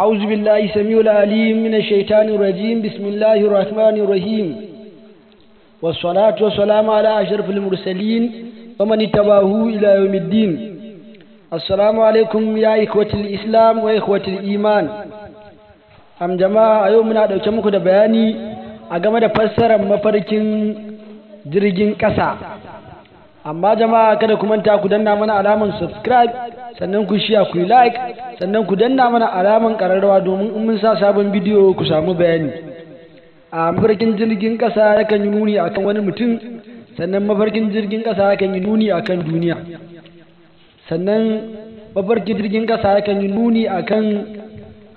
أعوذ بالله سميع العليم من الشيطان الرجيم بسم الله الرحمن الرحيم والصلاة والسلام على أشرف المرسلين ومن اتبعه إلى يوم الدين السلام عليكم يا إخوة الإسلام وإخوة الإيمان أم جماعة يومنا دوكمكو دبياني أقام دفسر مفرق jirgin كسا amma jama'a kada ku manta ku danna mana alaman subscribe sannan ku shiya ku like sannan ku danna mana alaman kararrawa domin in mun sa sabon bidiyo ku samu bayani a mafarkin jirgin kasa yakan yi nuni akan wani mutum sannan mafarkin jirgin kasa yakan yi nuni akan duniya sannan mafarkin jirgin kasa yakan yi nuni akan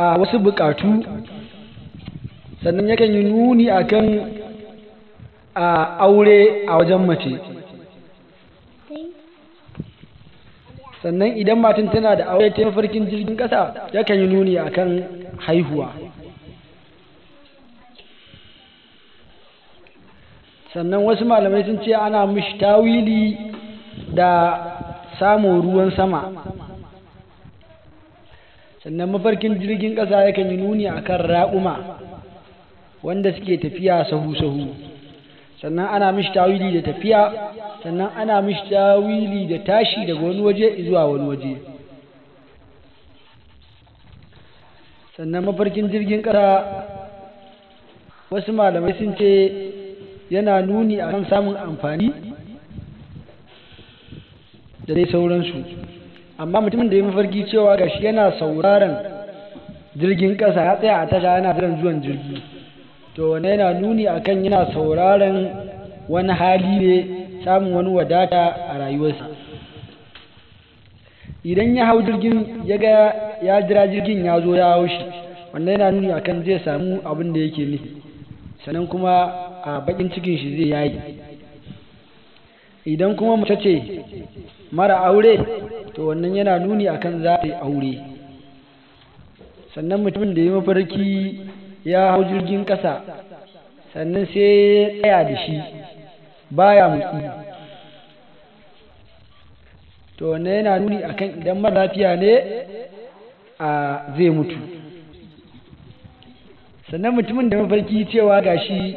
a wasu bukatu sannan yakan yi nuni akan a aure a wajen mace sannan idan matan tana da aure ta mafarkin jirgin Ya yakan yi nuni a kan haihuwa sannan wasu malamai sun ce ana mishi tawili da samun ruwan sama sannan mafarkin jirgin ƙasa yakan yi nuni a kan raƙuma wanda suke tafiya sahu-sahu sannan ana mishi tawili da tafiya sannan ana mishi tawili da tashi daga wani waje zuwa wani waje sannan mafarkin jirgin ƙasa wasu malamai sun ce yana nuni a kan samun amfani da dai sauransu amma mutumin da ya mafarki cewa gashi yana sauraron jirgin ƙasa ya tsaya a tasha yana jiran zuwan jirgi to wane yana nuni akan yana sauraron wani hali ne samun wani wadata a rayuwarsa idan ya hau jirgin ya ga ya jira jirgin ya zo ya haushi, shi wannan yana nuni akan zai samu abin da yake nufi sannan kuma a bakin cikin shi zai yayi idan kuma mace ce mara aure to wannan yana nuni kan za ta yi aure sannan mutumin da ya mafarki ya hau jirgin ƙasa sannan sai ya tsaya da shi baya motsi to wannan yana nuni akan idan mara lafiya ne a zai mutu sannan mutumin da mafarki cewa gashi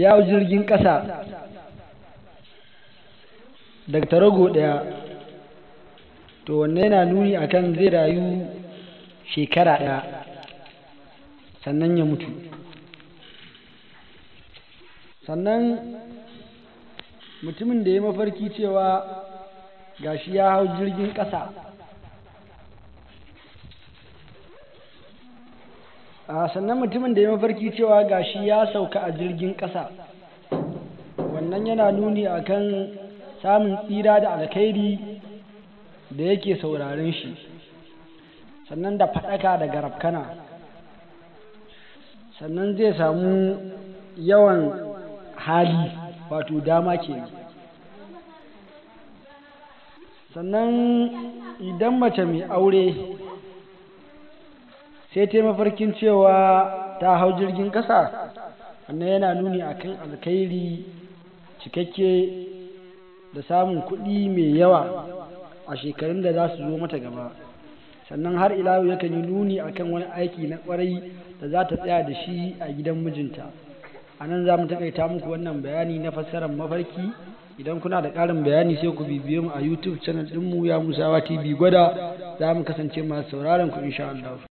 ya jirgin ƙasa daga tarago ɗaya to wanne yana nuni akan zai rayu shekara ɗaya sannan ya mutu sannan mutumin da ya mafarki cewa gashi ya hau jirgin ƙasa a sannan mutumin da ya mafarki cewa gashi ya sauka a jirgin ƙasa wannan yana nuni akan samun tsira da alkhairi da yake sauraren shi sannan da faɗaka da garabkana, sannan zai samu yawan hali wato dama ke sannan idan mace mai aure sai ta mafarkin cewa ta hau jirgin ƙasa wannan yana nuni a kan alkhairi cikakke da samun kuɗi mai yawa a shekarun da za su zo mata gaba sannan har ilawu yakan yi nuni a kan wani aiki na ƙwarai da za ta tsaya da shi a gidan mijinta a nan za mu taƙaita muku wannan bayani na fassarar mafarki idan kuna da ƙarin bayani sai ku bibiye mu a youtube channel ɗinmu ya musawa tv gwada za mu kasance masu sauraron ku insha Allah